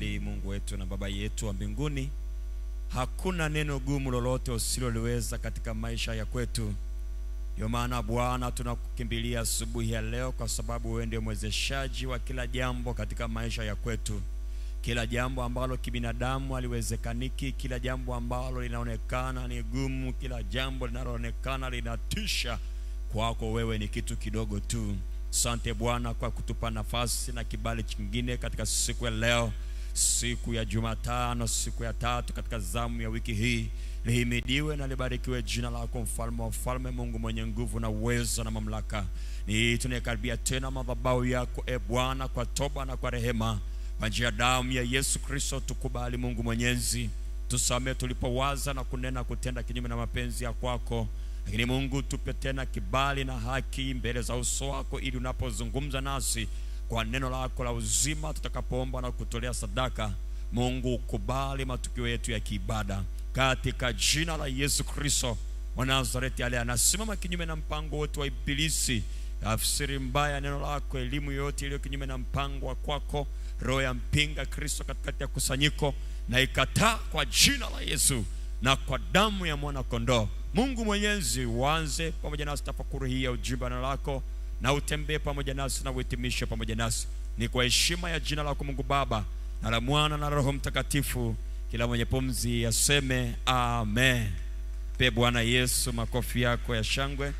kweli Mungu wetu na Baba yetu wa mbinguni, hakuna neno gumu lolote usiloliweza katika maisha ya kwetu. Ndio maana Bwana, tunakukimbilia asubuhi ya leo, kwa sababu wewe ndiye mwezeshaji wa kila jambo katika maisha ya kwetu, kila jambo ambalo kibinadamu haliwezekaniki, kila jambo ambalo linaonekana ni gumu, kila jambo linaloonekana linatisha, kwako wewe ni kitu kidogo tu. Sante Bwana kwa kutupa nafasi na kibali kingine katika siku ya leo siku ya Jumatano, siku ya tatu katika zamu ya wiki hii. Lihimidiwe na libarikiwe jina lako, mfalme wa falme, Mungu mwenye nguvu na uwezo na mamlaka. Ni tunayekaribia tena madhabahu yako, e Bwana, kwa toba na kwa rehema, kwa njia ya damu ya Yesu Kristo tukubali, Mungu mwenyezi, tusamee tulipowaza na kunena kutenda kinyume na mapenzi ya kwako lakini Mungu tupe tena kibali na haki mbele za uso wako, ili unapozungumza nasi kwa neno lako la uzima, tutakapoomba na kutolea sadaka. Mungu ukubali matukio yetu ya kiibada katika jina la Yesu Kristo wa Nazareti, aliye anasimama kinyume na mpango wote wa Ibilisi, tafsiri mbaya neno lako, elimu yoyote iliyo kinyume na mpango wa kwako, roho ya mpinga Kristo katikati ya kusanyiko na ikataa kwa jina la Yesu na kwa damu ya mwana kondoo. Mungu Mwenyezi, uanze pamoja nasi tafakuri hii ya ujumbe neno lako na utembee pamoja nasi na uhitimishe pamoja nasi. Ni kwa heshima ya jina lako Mungu Baba na la Mwana na Roho Mtakatifu, kila mwenye pumzi aseme amen. Pe Bwana Yesu makofi yako ya shangwe.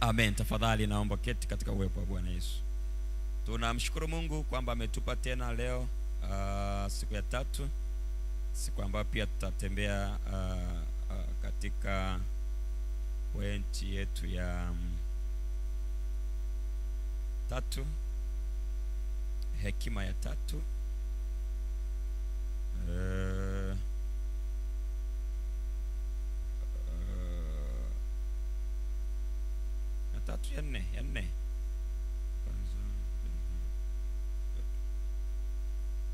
Amen. Tafadhali naomba keti katika uwepo wa Bwana Yesu. Tunamshukuru Mungu kwamba ametupa tena leo uh, siku ya tatu, siku ambayo pia tutatembea uh, uh, katika pointi yetu ya um, tatu, hekima ya tatu uh, tatu ya nne ya nne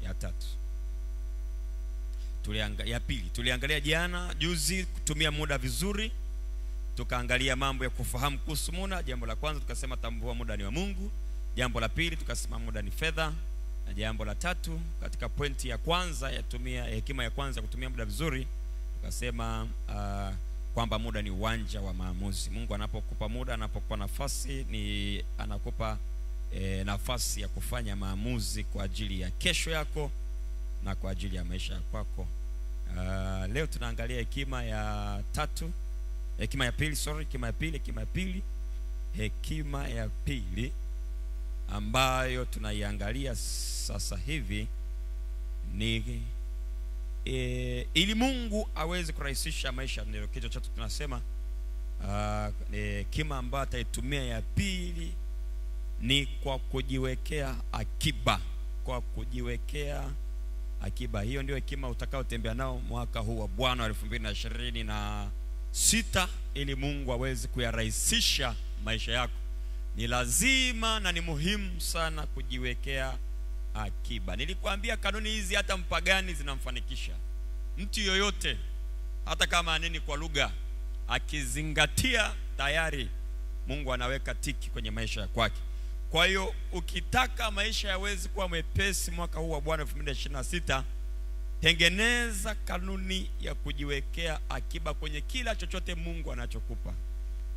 ya tatu tulianga, ya pili tuliangalia jana juzi kutumia muda vizuri, tukaangalia mambo ya kufahamu kuhusu muda. Jambo la kwanza tukasema tambua muda ni wa Mungu. Jambo la pili tukasema muda ni fedha, na jambo la tatu katika pointi ya kwanza ya tumia hekima ya kwanza kutumia muda vizuri, tukasema uh, kwamba muda ni uwanja wa maamuzi. Mungu anapokupa muda, anapokupa nafasi ni anakupa e, nafasi ya kufanya maamuzi kwa ajili ya kesho yako na kwa ajili ya maisha ya kwako. Uh, leo tunaangalia hekima ya tatu, hekima ya pili, sorry, hekima ya pili, hekima ya pili, hekima ya pili ambayo tunaiangalia sasa hivi ni e, ili Mungu aweze kurahisisha maisha, ndio kichwa chetu tunasema. e, kima ambayo ataitumia ya pili ni kwa kujiwekea akiba, kwa kujiwekea akiba. Hiyo ndio hekima utakaotembea nao mwaka huu wa Bwana wa elfu mbili na ishirini na sita, ili Mungu aweze kuyarahisisha maisha yako ni lazima na ni muhimu sana kujiwekea akiba. Nilikwambia kanuni hizi hata mpagani zinamfanikisha mtu yoyote, hata kama anini kwa lugha, akizingatia tayari Mungu anaweka tiki kwenye maisha ya kwake. Kwa hiyo ukitaka maisha yawezi kuwa mwepesi mwaka huu wa Bwana 2026 tengeneza kanuni ya kujiwekea akiba kwenye kila chochote Mungu anachokupa.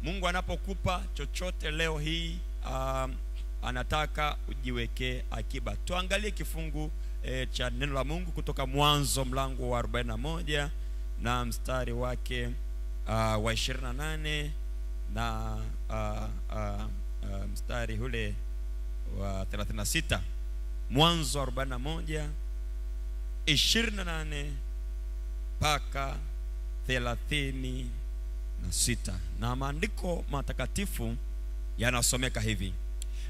Mungu anapokupa chochote leo hii um, anataka ujiwekee akiba. Tuangalie kifungu e, cha neno la Mungu kutoka Mwanzo mlango wa 41 na mstari wake uh, wa 28 na uh, uh, uh, mstari ule wa 36. Mwanzo 41 28 mpaka na sita na maandiko matakatifu yanasomeka hivi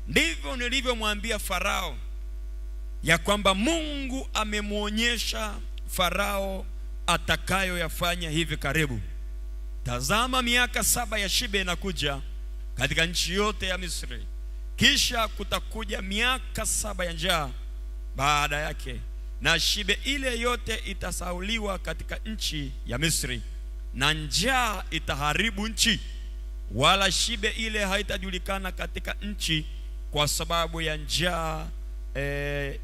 ndivyo nilivyomwambia farao ya kwamba mungu amemwonyesha farao atakayoyafanya hivi karibu tazama miaka saba ya shibe inakuja katika nchi yote ya misri kisha kutakuja miaka saba ya njaa baada yake na shibe ile yote itasauliwa katika nchi ya misri na njaa itaharibu nchi, wala shibe ile haitajulikana katika nchi kwa sababu ya njaa e,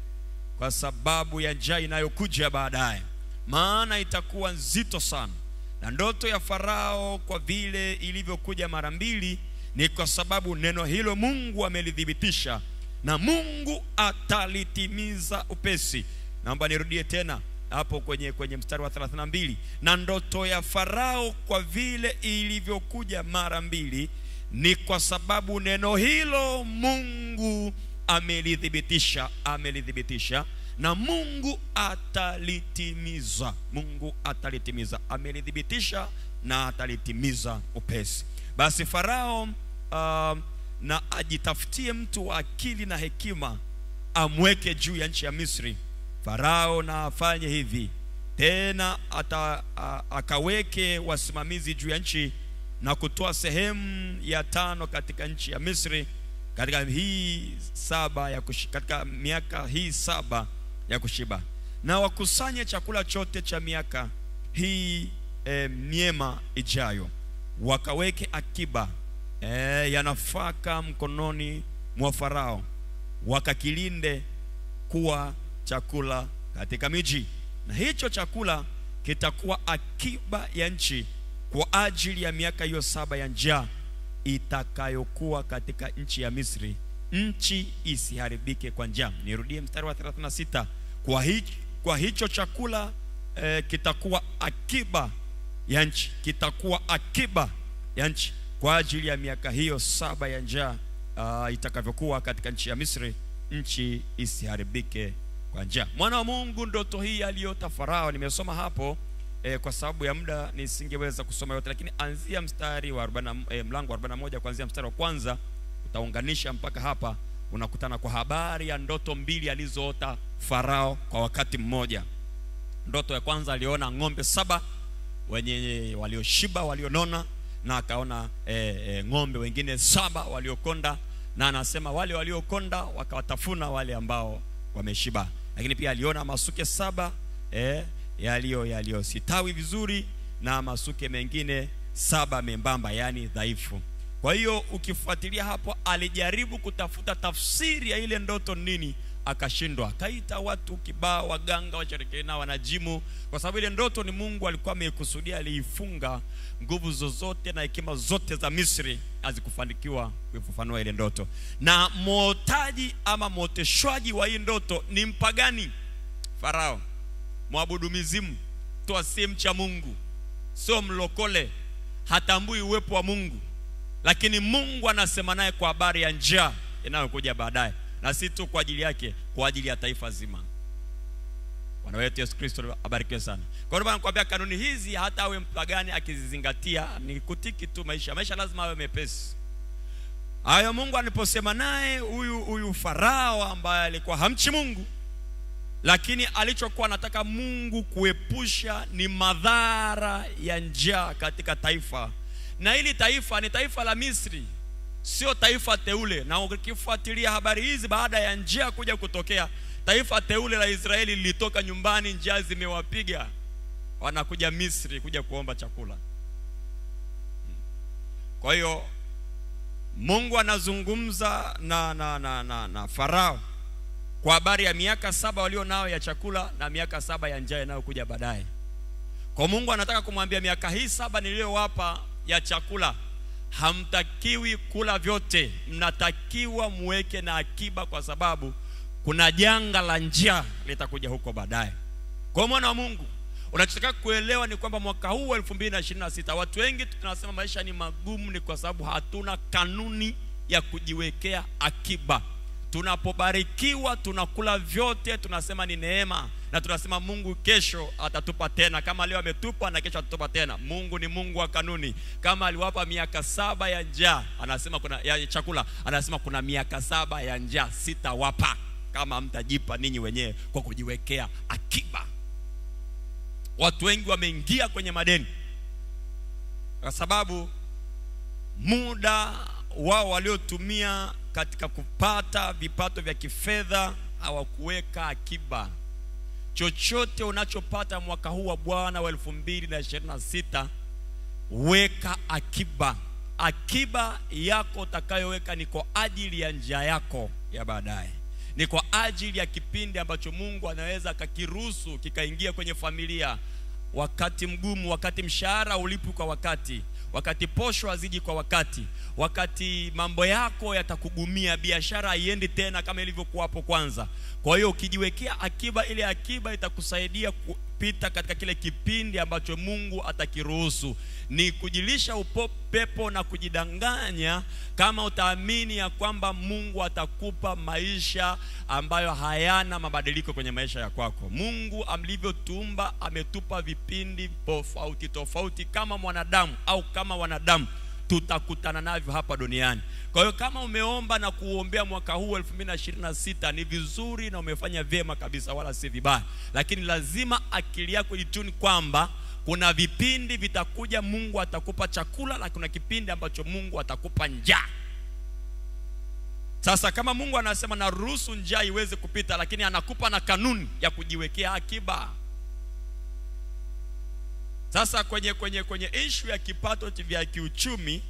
kwa sababu ya njaa inayokuja baadaye, maana itakuwa nzito sana. Na ndoto ya Farao kwa vile ilivyokuja mara mbili, ni kwa sababu neno hilo Mungu amelithibitisha, na Mungu atalitimiza upesi. Naomba nirudie tena hapo kwenye, kwenye mstari wa 32, na ndoto ya Farao kwa vile ilivyokuja mara mbili, ni kwa sababu neno hilo Mungu amelithibitisha, amelithibitisha na Mungu atalitimiza, Mungu atalitimiza, amelithibitisha na atalitimiza upesi. Basi Farao uh, na ajitafutie mtu wa akili na hekima, amweke juu ya nchi ya Misri Farao na afanye hivi tena, ata, a, akaweke wasimamizi juu ya nchi na kutoa sehemu ya tano katika nchi ya Misri katika hii saba ya kush, katika miaka hii saba ya kushiba, na wakusanye chakula chote cha miaka hii e, miema ijayo, wakaweke akiba e, ya nafaka mkononi mwa Farao, wakakilinde kuwa chakula katika miji, na hicho chakula kitakuwa akiba ya nchi kwa ajili ya miaka hiyo saba ya njaa itakayokuwa katika nchi ya Misri, nchi isiharibike kwa njaa. Nirudie mstari wa 36. Kwa hicho, kwa hicho chakula eh, kitakuwa akiba ya nchi, kitakuwa akiba ya nchi kwa ajili ya miaka hiyo saba ya njaa uh, itakavyokuwa katika nchi ya Misri, nchi isiharibike kwa njia. Mwana wa Mungu, ndoto hii aliyoota Farao, nimesoma hapo eh, kwa sababu ya muda nisingeweza kusoma yote, lakini anzia mstari wa 40, eh, mlango wa 41 kuanzia mstari wa kwanza utaunganisha mpaka hapa, unakutana kwa habari ya ndoto mbili alizoota Farao kwa wakati mmoja. Ndoto ya kwanza aliona ng'ombe saba wenye walioshiba walionona, na akaona e, e, ng'ombe wengine saba waliokonda, na anasema wale waliokonda wakawatafuna wale ambao wameshiba lakini pia aliona masuke saba eh, yaliyo yaliyositawi vizuri na masuke mengine saba membamba, yaani dhaifu. Kwa hiyo ukifuatilia hapo, alijaribu kutafuta tafsiri ya ile ndoto nini akashindwa. Akaita watu kibao, waganga, washirikina, wanajimu, kwa sababu ile ndoto ni Mungu alikuwa ameikusudia, aliifunga. Nguvu zozote na hekima zote za Misri hazikufanikiwa kuifafanua ile ndoto, na mwotaji ama mwoteshwaji wa hii ndoto ni mpagani, Farao, mwabudu mizimu, mtu asiye Mungu, sio mlokole, hatambui uwepo wa Mungu, lakini Mungu anasema naye kwa habari ya njaa inayokuja baadaye na si tu kwa ajili yake, kwa ajili ya taifa zima. Bwana wetu Yesu Kristo abarikiwe sana. Kwa hiyo nakwambia kanuni hizi, hata awe mpagani akizizingatia, ni kutiki tu maisha. Maisha lazima awe mepesi. Hayo Mungu aliposema naye huyu huyu Farao ambaye alikuwa hamchi Mungu, lakini alichokuwa anataka Mungu kuepusha ni madhara ya njaa katika taifa, na hili taifa ni taifa la Misri sio taifa teule. Na ukifuatilia habari hizi, baada ya njia kuja kutokea, taifa teule la Israeli lilitoka nyumbani, njia zimewapiga, wanakuja Misri kuja kuomba chakula. Kwa hiyo Mungu anazungumza na, na, na, na, na Farao kwa habari ya miaka saba walio nao ya chakula na miaka saba ya njaa inayokuja baadaye. Kwa Mungu anataka kumwambia miaka hii saba niliyowapa ya chakula hamtakiwi kula vyote, mnatakiwa muweke na akiba, kwa sababu kuna janga la njaa litakuja huko baadaye. Kwa mwana wa Mungu, unachotaka kuelewa ni kwamba mwaka huu wa 2026 watu wengi tunasema maisha ni magumu, ni kwa sababu hatuna kanuni ya kujiwekea akiba tunapobarikiwa tunakula vyote, tunasema ni neema, na tunasema Mungu kesho atatupa tena, kama leo ametupa na kesho atatupa tena. Mungu ni Mungu wa kanuni. Kama aliwapa miaka saba ya njaa, anasema kuna ya chakula, anasema kuna miaka saba ya njaa sitawapa kama mtajipa ninyi wenyewe kwa kujiwekea akiba. Watu wengi wameingia kwenye madeni kwa sababu muda wao waliotumia katika kupata vipato vya kifedha hawakuweka akiba. Chochote unachopata mwaka huu wa Bwana wa elfu mbili na ishirini na sita weka akiba. Akiba yako utakayoweka ni kwa ajili ya njia yako ya baadaye, ni kwa ajili ya kipindi ambacho Mungu anaweza akakiruhusu kikaingia kwenye familia, wakati mgumu, wakati mshahara ulipi kwa wakati wakati posho haziji kwa wakati, wakati mambo yako yatakugumia, biashara haiendi tena kama ilivyokuwa hapo kwanza. Kwa hiyo ukijiwekea akiba, ile akiba itakusaidia ku kupita katika kile kipindi ambacho Mungu atakiruhusu. Ni kujilisha upepo na kujidanganya kama utaamini ya kwamba Mungu atakupa maisha ambayo hayana mabadiliko kwenye maisha ya kwako. Mungu alivyotuumba ametupa vipindi tofauti tofauti kama mwanadamu au kama wanadamu tutakutana navyo hapa duniani. Kwa hiyo kama umeomba na kuombea mwaka huu 2026 ni vizuri na umefanya vyema kabisa, wala si vibaya, lakini lazima akili yako ituni kwamba kuna vipindi vitakuja, Mungu atakupa chakula, na kuna kipindi ambacho Mungu atakupa njaa. Sasa kama Mungu anasema naruhusu njaa iweze kupita, lakini anakupa na kanuni ya kujiwekea akiba. Sasa kwenye kwenye kwenye ishu ya kipato vya kiuchumi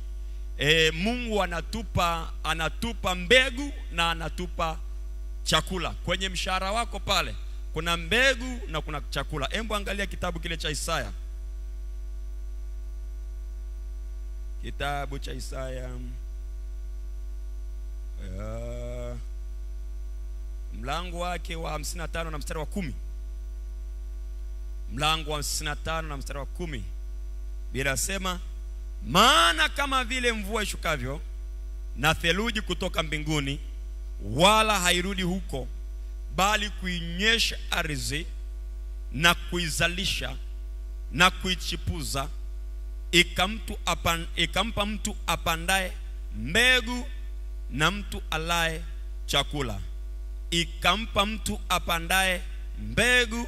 e, Mungu anatupa anatupa mbegu na anatupa chakula. Kwenye mshahara wako pale kuna mbegu na kuna chakula. Hebu angalia kitabu kile cha Isaya, kitabu cha Isaya uh, mlango wake wa 55 na mstari wa kumi mlango wa 55 na mstari wa kumi bila sema, maana kama vile mvua ishukavyo na theluji kutoka mbinguni, wala hairudi huko, bali kuinyesha ardhi na kuizalisha na kuichipuza, ikamtu apan, ikampa mtu apandaye mbegu na mtu alaye chakula, ikampa mtu apandaye mbegu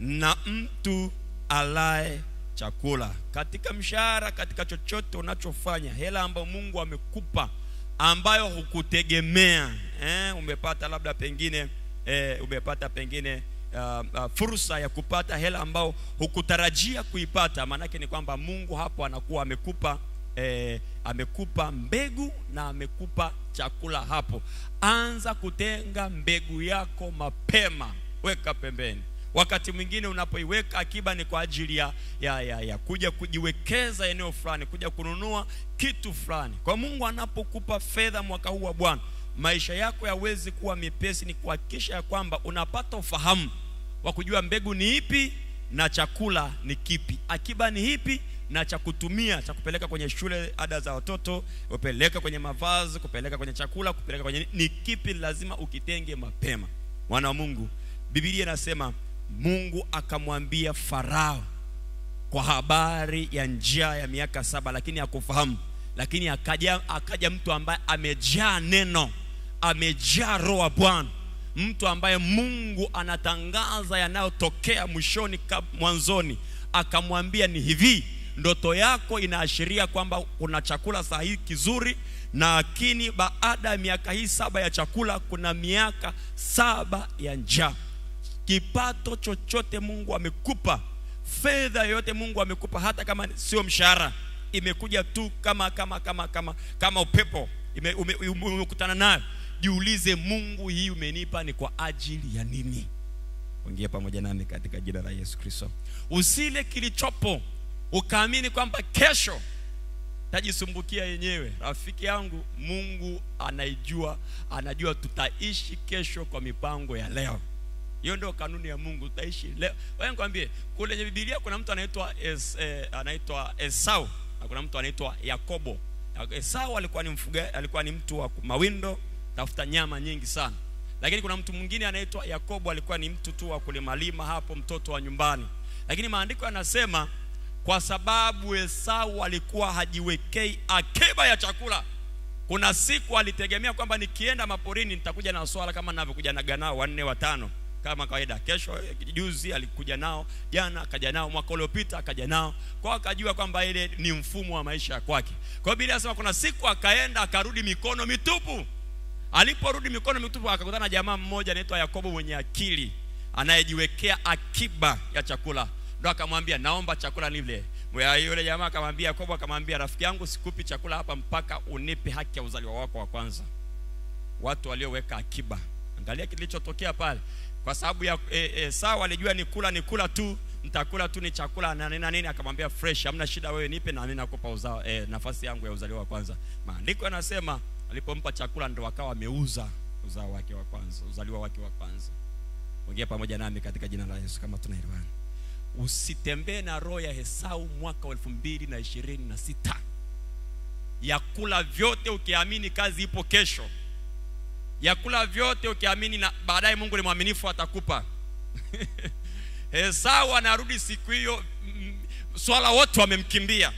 na mtu alaye chakula. Katika mshahara, katika chochote unachofanya, hela ambayo Mungu amekupa ambayo hukutegemea eh, umepata labda pengine eh, umepata pengine Uh, uh, fursa ya kupata hela ambayo hukutarajia kuipata. Maanake ni kwamba Mungu hapo anakuwa amekupa eh, amekupa mbegu na amekupa chakula hapo. Anza kutenga mbegu yako mapema, weka pembeni. Wakati mwingine unapoiweka akiba ni kwa ajili ya, ya, ya, ya kuja kujiwekeza eneo fulani, kuja kununua kitu fulani. Kwa Mungu anapokupa fedha mwaka huu wa Bwana, maisha yako yawezi kuwa mepesi, ni kuhakikisha ya kwamba unapata ufahamu wa kujua mbegu ni ipi na chakula ni kipi, akiba ni ipi na cha kutumia cha kupeleka kwenye shule, ada za watoto, kupeleka kwenye mavazi, kupeleka kwenye chakula, kupeleka kwenye ni kipi, lazima ukitenge mapema. Mwana wa Mungu, Biblia inasema Mungu akamwambia Farao kwa habari ya njia ya miaka saba, lakini hakufahamu. Lakini akaja, akaja mtu ambaye amejaa neno, amejaa roho wa Bwana, mtu ambaye Mungu anatangaza yanayotokea mwishoni, mwanzoni. Akamwambia ni hivi, ndoto yako inaashiria kwamba kuna chakula sahihi kizuri, lakini baada ya miaka hii saba ya chakula kuna miaka saba ya njaa kipato chochote Mungu amekupa, fedha yoyote Mungu amekupa, hata kama sio mshahara, imekuja tu kama kama kama kama kama upepo, umekutana nayo, jiulize, Mungu, hii umenipa ni kwa ajili ya nini? Ongea pamoja nami katika jina la Yesu Kristo. Usile kilichopo ukaamini kwamba kesho tajisumbukia yenyewe. Rafiki yangu, Mungu anaijua, anajua tutaishi kesho kwa mipango ya leo hiyo ndio kanuni ya mungu utaishi leo wewe nikwambie kwenye bibilia kuna mtu anaitwa es, eh, anaitwa esau na kuna mtu anaitwa yakobo esau alikuwa ni mfuge, alikuwa ni mtu wa mawindo tafuta nyama nyingi sana lakini kuna mtu mwingine anaitwa yakobo alikuwa ni mtu tu wa kulimalima hapo mtoto wa nyumbani lakini maandiko yanasema kwa sababu esau alikuwa hajiwekei akiba ya chakula kuna siku alitegemea kwamba nikienda maporini nitakuja na swala kama ninavyokuja na ganao wanne watano kama kawaida. Kesho eh, juzi alikuja nao, jana akaja nao, mwaka uliopita akaja nao, kwa akajua kwamba ile ni mfumo wa maisha ya kwake. Kwa hiyo Biblia inasema kuna siku akaenda akarudi mikono mitupu. Aliporudi mikono mitupu, akakutana na jamaa mmoja anaitwa Yakobo mwenye akili, anayejiwekea akiba ya chakula, ndo akamwambia, naomba chakula nile yule jamaa akamwambia Yakobo, akamwambia rafiki yangu, sikupi chakula hapa mpaka unipe haki ya uzaliwa wako wa kwanza. Watu walioweka akiba, angalia kilichotokea pale kwa sababu ya e, eh, e, eh, Esau alijua ni kula ni kula tu nitakula tu ni chakula na nini na nini, akamwambia fresh, hamna shida, wewe nipe na mimi nakupa uzao e, nafasi yangu ya uzaliwa wa kwanza. Maandiko yanasema alipompa chakula ndo akawa ameuza uzao wake wa kwanza, uzaliwa wake wa kwanza. Ongea pamoja nami katika jina la Yesu kama tunaelewana. Usitembee na roho ya Esau mwaka wa elfu mbili na ishirini na sita ya kula vyote ukiamini kazi ipo kesho ya kula vyote ukiamini, na baadaye Mungu ni mwaminifu atakupa. Esau eh, anarudi siku hiyo, mm, swala wote wamemkimbia,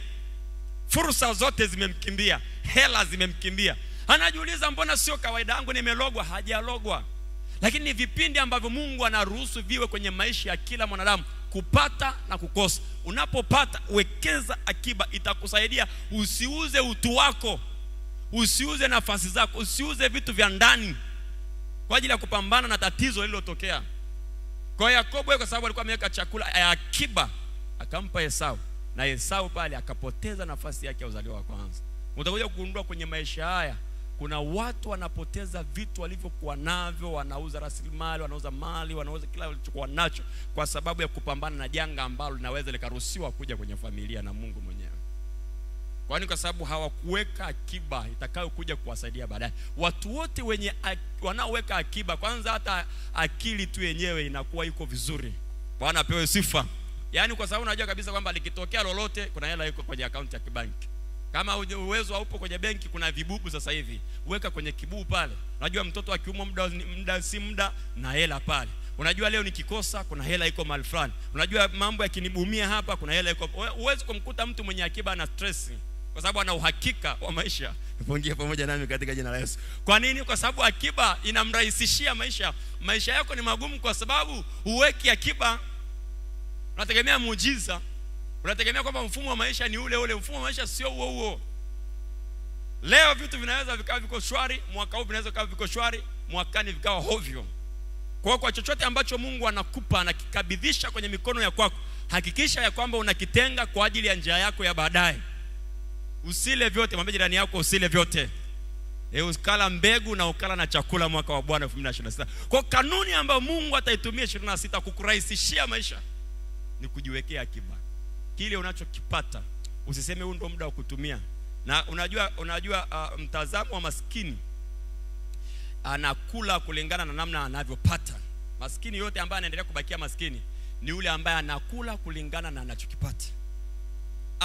fursa zote zimemkimbia, hela zimemkimbia. Anajiuliza, mbona sio kawaida yangu, nimelogwa? Hajalogwa, lakini ni vipindi ambavyo Mungu anaruhusu viwe kwenye maisha ya kila mwanadamu, kupata na kukosa. Unapopata, wekeza akiba, itakusaidia usiuze utu wako usiuze nafasi zako, usiuze vitu vya ndani kwa ajili ya kupambana na tatizo lililotokea. Kwa Yakobo, kwa sababu alikuwa ameweka chakula ya akiba, akampa Esau, na Esau pale akapoteza nafasi yake ya uzaliwa wa kwanza. Utakuja kugundua kwenye maisha haya kuna watu wanapoteza vitu walivyokuwa navyo, wanauza rasilimali, wanauza mali, wanauza kila walichokuwa nacho, kwa sababu ya kupambana na janga ambalo linaweza likaruhusiwa kuja kwenye familia na Mungu mwenyewe. Kwani kwa sababu hawakuweka akiba itakayokuja kuwasaidia baadaye. Watu wote wenye wanaoweka akiba, kwanza hata akili tu yenyewe inakuwa iko vizuri. Bwana apewe sifa. Yaani kwa sababu unajua kabisa kwamba likitokea lolote, kuna hela iko kwenye akaunti ya kibanki. Kama uwezo haupo kwenye benki, kuna vibubu sasa hivi, weka kwenye kibubu pale. Unajua mtoto akiumwa muda, muda si muda, na hela pale unajua leo nikikosa kuna hela iko mahali fulani, unajua mambo yakinibumia hapa kuna hela iko. Huwezi kumkuta mtu mwenye akiba na stress kwa sababu ana uhakika wa maisha. Pongia pamoja nami katika jina la Yesu. Kwa nini? Kwa sababu akiba inamrahisishia maisha. Maisha yako ni magumu kwa sababu huweki akiba, unategemea muujiza, unategemea kwamba mfumo wa maisha ni ule ule. Mfumo wa maisha sio huo huo. Leo vitu vinaweza vikawa viko shwari, mwaka huu vinaweza vikawa viko shwari, mwakani vikawa hovyo. Kwa kwa chochote ambacho Mungu anakupa anakikabidhisha kwenye mikono ya kwako, hakikisha ya kwamba unakitenga kwa ajili ya njia yako ya baadaye. Usile vyote, mwambie jirani yako usile vyote. E, ukala mbegu na ukala na chakula mwaka wa Bwana 2026. Kwa kanuni ambayo Mungu ataitumia 26 kukurahisishia maisha ni kujiwekea akiba. Kile unachokipata usiseme huu ndio muda wa kutumia. Na unajua unajua uh, mtazamo wa maskini anakula kulingana na namna anavyopata. Maskini yote ambaye anaendelea kubakia maskini ni yule ambaye anakula kulingana na anachokipata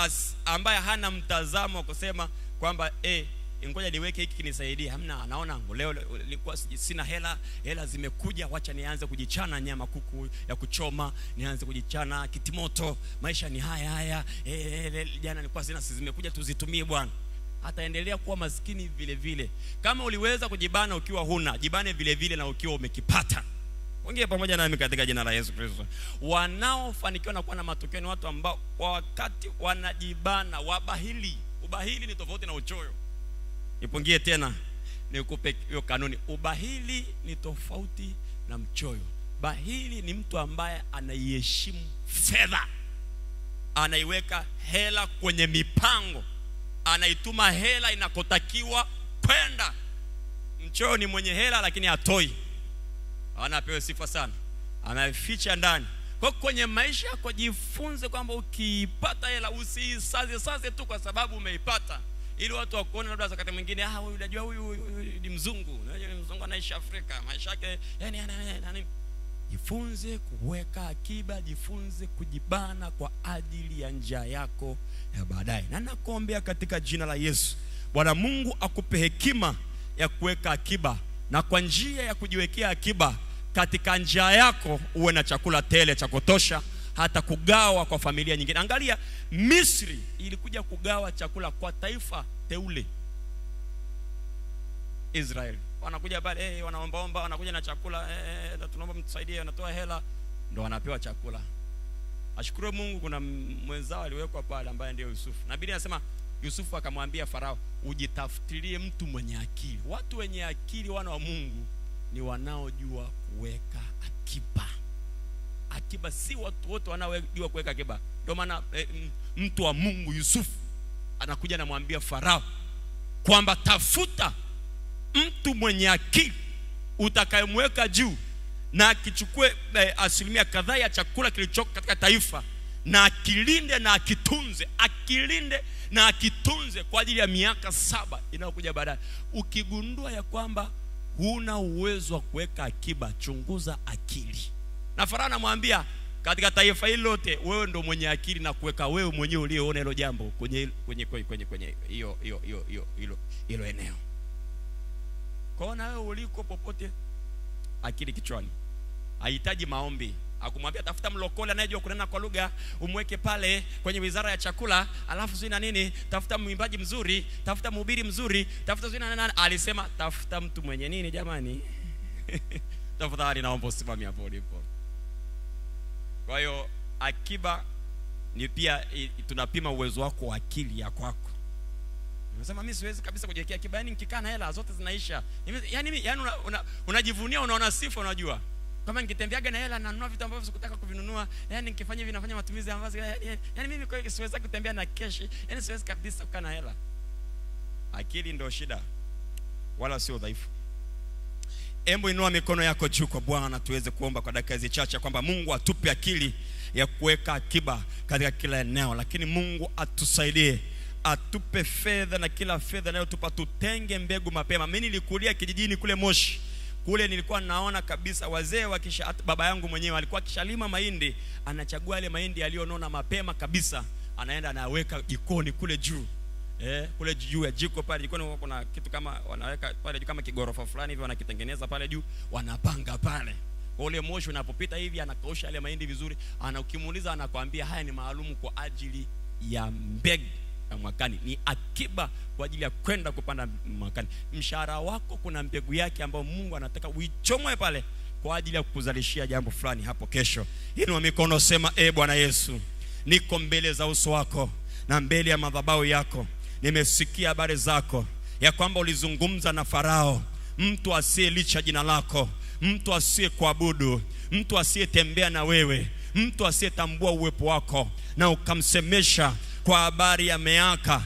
as, ambaye hana mtazamo wa kusema kwamba eh, ngoja niweke hiki kinisaidie. Hamna, anaona leo nilikuwa sina hela, hela zimekuja, wacha nianze kujichana nyama kuku ya kuchoma, nianze kujichana kitimoto. Maisha ni haya haya, eh, eh, eh jana nilikuwa sina, zimekuja tuzitumie bwana ataendelea kuwa maskini vile vile. Kama uliweza kujibana ukiwa huna, jibane vile vile na ukiwa umekipata ongea pamoja nami katika jina la Yesu Kristo. Wanaofanikiwa na kuwa na matokeo ni watu ambao kwa wakati wanajibana, wabahili. Ubahili ni tofauti na uchoyo. nipongie tena nikupe hiyo kanuni. Ubahili ni tofauti na mchoyo. Bahili ni mtu ambaye anaiheshimu fedha, anaiweka hela kwenye mipango, anaituma hela inakotakiwa kwenda. Mchoyo ni mwenye hela lakini hatoi hawana apewe sifa sana, anaficha ndani. Kwa kwenye maisha yako jifunze kwamba ukiipata hela usiisaze saze tu kwa sababu umeipata, ili watu wakuone, labda wakati mwingine, ah, huyu unajua, huyu ni mzungu, unajua ni mzungu, anaishi Afrika, maisha yake yani, yani, jifunze kuweka akiba, jifunze kujibana kwa ajili ya njia yako ya baadaye. Na nakuombea katika jina la Yesu, Bwana Mungu akupe hekima ya kuweka akiba na kwa njia ya kujiwekea akiba katika njia yako uwe na chakula tele cha kutosha, hata kugawa kwa familia nyingine. Angalia, Misri ilikuja kugawa chakula kwa taifa teule Israeli. Wanakuja pale hey, eh, wanaombaomba, wanakuja na chakula hey, eh, eh, tunaomba mtusaidie, wanatoa hela, ndo wanapewa chakula. Ashukuru Mungu, kuna mwenzao aliwekwa pale ambaye ndiyo Yusufu, na Biblia inasema Yusufu akamwambia Farao, ujitafutilie mtu mwenye akili. Watu wenye akili, wana wa Mungu ni wanaojua kuweka akiba. Akiba si watu wote wanaojua kuweka akiba. Ndio maana e, mtu wa Mungu Yusufu anakuja anamwambia Farao kwamba tafuta mtu mwenye akili utakayemweka juu na akichukue e, asilimia kadhaa ya chakula kilichoko katika taifa na akilinde na akitunze, akilinde na akitunze kwa ajili ya miaka saba inayokuja baadaye. Ukigundua ya kwamba huna uwezo wa kuweka akiba, chunguza akili. Na Farao anamwambia katika taifa hili lote wewe ndo mwenye akili na kuweka wewe mwenyewe uliyeona hilo jambo kwenye kwenye kwenye kwenye hiyo hiyo hiyo hilo hilo eneo. Kwaona wewe uliko popote, akili kichwani, hahitaji maombi akumwambia tafuta mlokole anayejua kunena kwa lugha umweke pale kwenye wizara ya chakula, alafu sio na nini, tafuta mwimbaji mzuri, tafuta mhubiri mzuri, tafuta sio na nani. Alisema tafuta mtu mwenye nini jamani? Tafadhali naomba usimame hapo ulipo. Kwa hiyo akiba ni pia tunapima uwezo wako wa akili ya kwako. Unasema mimi siwezi kabisa kujiwekea akiba, yani nikikaa na hela zote zinaisha. Yani yani unajivunia una, unaona sifa unajua kama ningetembeaga na hela nanunua vitu ambavyo sikutaka kuvinunua, yani nikifanya hivi nafanya matumizi ambayo yani, mimi kwa siwezi kutembea na keshi, yani siwezi kabisa kukaa na hela. Akili ndio shida, wala sio dhaifu. Hebu inua mikono yako juu kwa Bwana, tuweze kuomba kwa dakika hizi chache kwamba Mungu atupe akili ya kuweka akiba katika kila eneo, lakini Mungu atusaidie atupe fedha na kila fedha nayo tupa tutenge mbegu mapema. Mimi nilikulia kijijini kule Moshi kule nilikuwa naona kabisa wazee wakisha, baba yangu mwenyewe alikuwa akishalima mahindi, anachagua yale mahindi yaliyonona mapema kabisa, anaenda anaweka jikoni kule juu eh, kule juu ya jiko pale jikoni kuna kitu kama wanaweka pale juu kama kigorofa fulani hivi wanakitengeneza pale juu, wanapanga pale kwa ule moshi unapopita hivi, anakausha yale mahindi vizuri, ana ukimuuliza, anakwambia haya ni maalumu kwa ajili ya mbegu ya mwakani, ni akiba kwa ajili ya kwenda kupanda mwakani. Mshahara wako kuna mbegu yake ambayo Mungu anataka uichomwe pale kwa ajili ya kukuzalishia jambo fulani hapo kesho. Inua mikono, sema e Bwana Yesu, niko mbele za uso wako na mbele ya madhabahu yako, nimesikia habari zako ya kwamba ulizungumza na Farao, mtu asiyelicha jina lako, mtu asiyekuabudu, mtu asiyetembea na wewe, mtu asiyetambua uwepo wako, na ukamsemesha kwa habari ya miaka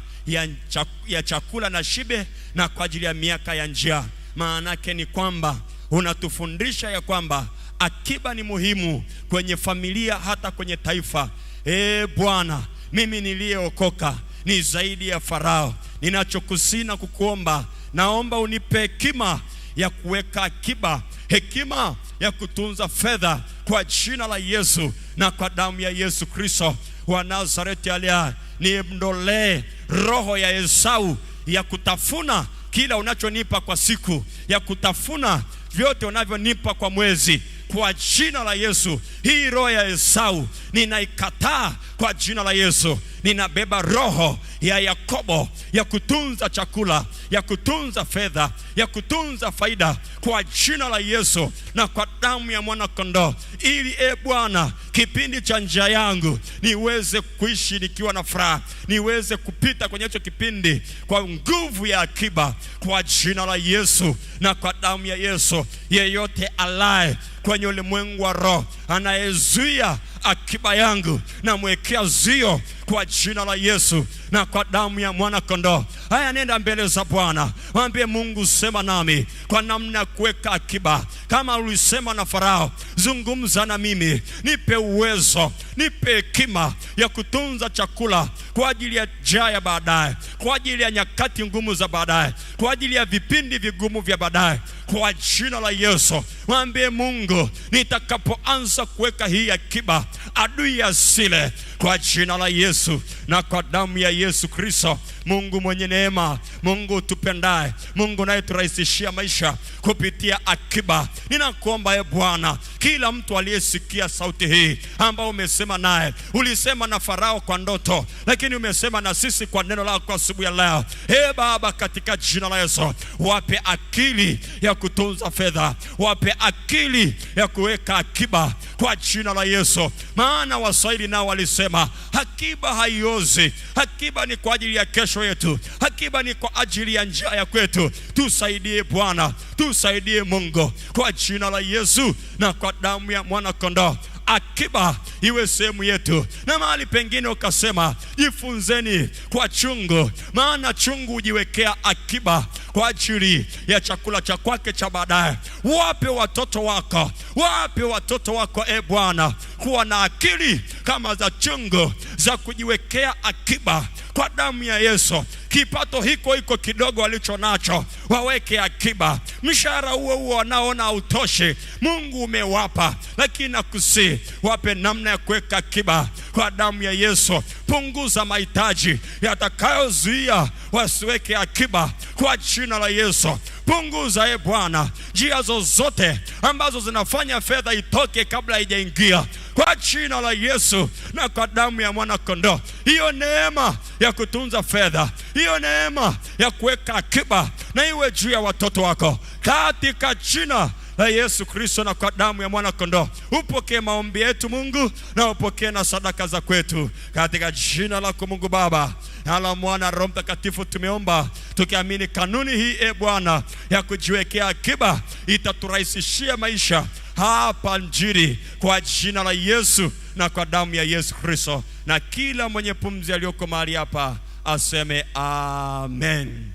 ya chakula na shibe na kwa ajili ya miaka ya njia Maana ni kwamba unatufundisha ya kwamba akiba ni muhimu kwenye familia, hata kwenye taifa. E Bwana, mimi niliyeokoka ni zaidi ya Farao. Ninachokusii na kukuomba, naomba unipe hekima ya kuweka akiba, hekima ya kutunza fedha, kwa jina la Yesu na kwa damu ya Yesu Kristo wa Nazareti aliye niemdolee roho ya Esau ya kutafuna kila unachonipa kwa siku, ya kutafuna vyote unavyonipa kwa mwezi. Kwa jina la Yesu, hii roho ya Esau ninaikataa kwa jina la Yesu ninabeba roho ya Yakobo ya kutunza chakula, ya kutunza fedha, ya kutunza faida kwa jina la Yesu na kwa damu ya mwana kondoo, ili e Bwana, kipindi cha njia yangu niweze kuishi nikiwa na furaha, niweze kupita kwenye hicho kipindi kwa nguvu ya akiba, kwa jina la Yesu na kwa damu ya Yesu. Yeyote alaye kwenye ulimwengu wa roho anayezuia akiba yangu, namwekea zio kwa jina la Yesu na kwa damu ya mwana kondoo. Haya, nenda mbele za Bwana, mwambie Mungu, sema nami kwa namna ya kuweka akiba, kama ulisema na Farao, zungumza na mimi, nipe uwezo, nipe hekima ya kutunza chakula kwa ajili ya jaa ya baadaye, kwa ajili ya nyakati ngumu za baadaye, kwa ajili ya vipindi vigumu vya baadaye kwa jina la Yesu. Mwambie Mungu, nitakapoanza kuweka hii akiba, adui asile kwa jina la Yesu na kwa damu ya Yesu Kristo. Mungu mwenye neema, Mungu utupendaye, Mungu unayeturahisishia maisha kupitia akiba, ninakuomba e Bwana, kila mtu aliyesikia sauti hii ambao umesema naye, ulisema na Farao kwa ndoto, lakini umesema na sisi kwa neno lako asubuhi ya leo. E Baba, katika jina la Yesu, wape akili ya kutunza fedha, wape akili ya kuweka akiba kwa jina la Yesu. Maana Waswahili nao walisema akiba haiozi, akiba ni kwa ajili ya kesho yetu, akiba ni kwa ajili ya njia ya kwetu. Tusaidie Bwana, tusaidie Mungu, kwa jina la Yesu na kwa damu ya mwana kondoo akiba iwe sehemu yetu, na mahali pengine ukasema jifunzeni kwa chungu, maana chungu hujiwekea akiba kwa ajili ya chakula cha kwake cha baadaye. Wape watoto wako, wape watoto wako, e Bwana, kuwa na akili kama za chungu za kujiwekea akiba kwa damu ya Yesu. Kipato hiko hiko kidogo alicho nacho waweke akiba. Mshahara huo huo wanaona hautoshi, Mungu umewapa, lakini nakusi wape namna ya kuweka akiba kwa damu ya Yesu. Punguza mahitaji yatakayozuia wasiweke akiba kwa jina la Yesu. Punguza e Bwana njia zozote ambazo zinafanya fedha itoke kabla haijaingia kwa jina la Yesu na kwa damu ya mwana kondoo. Hiyo neema ya kutunza fedha hiyo neema ya kuweka akiba na iwe juu ya watoto wako katika jina la Yesu Kristo na kwa damu ya mwana kondoo. Upokee maombi yetu Mungu, na upokee na sadaka za kwetu katika jina lako Mungu Baba na la Mwana Roho Mtakatifu. Tumeomba tukiamini kanuni hii, e Bwana, ya kujiwekea akiba itaturahisishia maisha hapa mjini kwa jina la Yesu na kwa damu ya Yesu Kristo, na kila mwenye pumzi aliyoko mahali hapa aseme amen.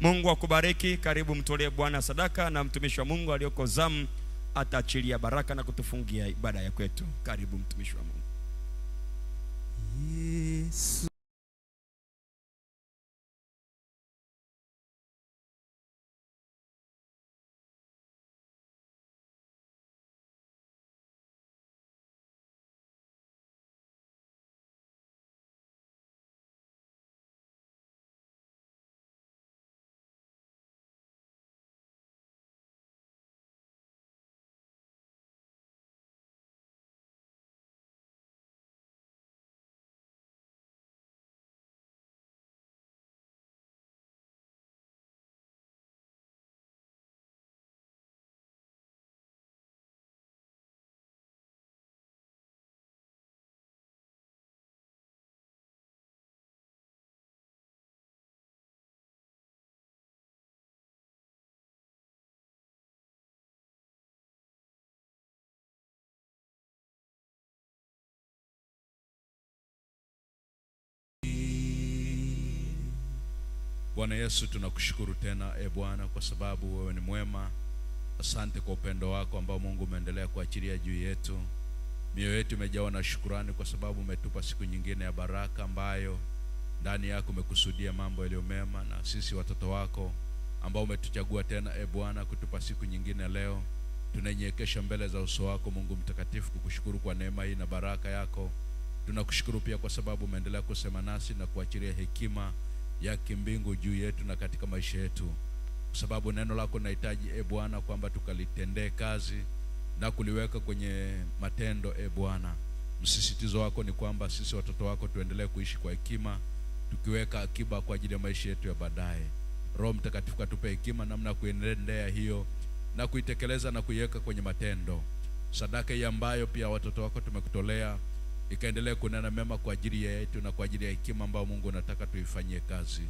Mungu akubariki. Karibu mtolee Bwana sadaka, na mtumishi wa Mungu aliyoko zamu ataachilia baraka na kutufungia ibada ya kwetu. Karibu mtumishi wa Mungu Yesu. Bwana Yesu, tunakushukuru tena e Bwana, kwa sababu wewe ni mwema. Asante kwa upendo wako ambao Mungu umeendelea kuachilia juu yetu. Mioyo yetu imejawa na shukurani kwa sababu umetupa siku nyingine ya baraka ambayo ndani yako umekusudia mambo yaliyo mema, na sisi watoto wako ambao umetuchagua tena e Bwana kutupa siku nyingine leo, tunanyenyekesha mbele za uso wako Mungu mtakatifu, kukushukuru kwa neema hii na baraka yako. Tunakushukuru pia kwa sababu umeendelea kusema nasi na kuachilia hekima ya kimbingu juu yetu na katika maisha yetu, kwa sababu neno lako linahitaji e Bwana kwamba tukalitendee kazi na kuliweka kwenye matendo. E Bwana, msisitizo wako ni kwamba sisi watoto wako tuendelee kuishi kwa hekima, tukiweka akiba kwa ajili ya maisha yetu ya baadaye. Roho Mtakatifu katupe hekima namna ya kuendelea hiyo na kuitekeleza na kuiweka kwenye matendo. Sadaka hii ambayo pia watoto wako tumekutolea ikaendelee kunena mema kwa ajili yetu na kwa ajili ya hekima ambayo Mungu anataka tuifanyie kazi.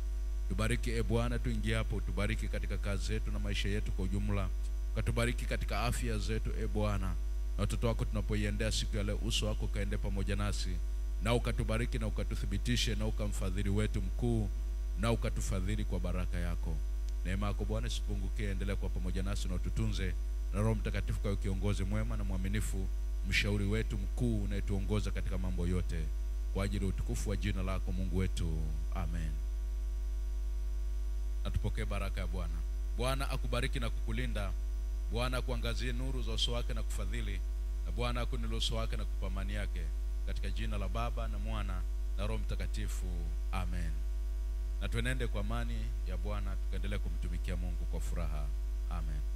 Tubariki e Bwana, tuingie hapo, tubariki katika kazi zetu na maisha yetu kwa ujumla, katubariki katika afya zetu e Bwana, na watoto wako tunapoiendea siku ya leo, uso wako kaende pamoja nasi na ukatubariki na ukatuthibitishe na ukamfadhili wetu mkuu na ukatufadhili kwa baraka yako. Neema yako Bwana sipungukie, endelea kwa pamoja nasi na ututunze, na Roho Mtakatifu kwa kiongozi mwema na mwaminifu mshauri wetu mkuu unayetuongoza katika mambo yote, kwa ajili ya utukufu wa jina lako Mungu wetu, amen. Natupokee baraka ya Bwana. Bwana akubariki na kukulinda. Bwana akuangazie nuru za uso wake na kufadhili, na Bwana akuinulie uso wake na kupamani amani yake, katika jina la Baba na Mwana na Roho Mtakatifu, amen. Na tuenende kwa amani ya Bwana, tukaendelea kumtumikia Mungu kwa furaha, amen.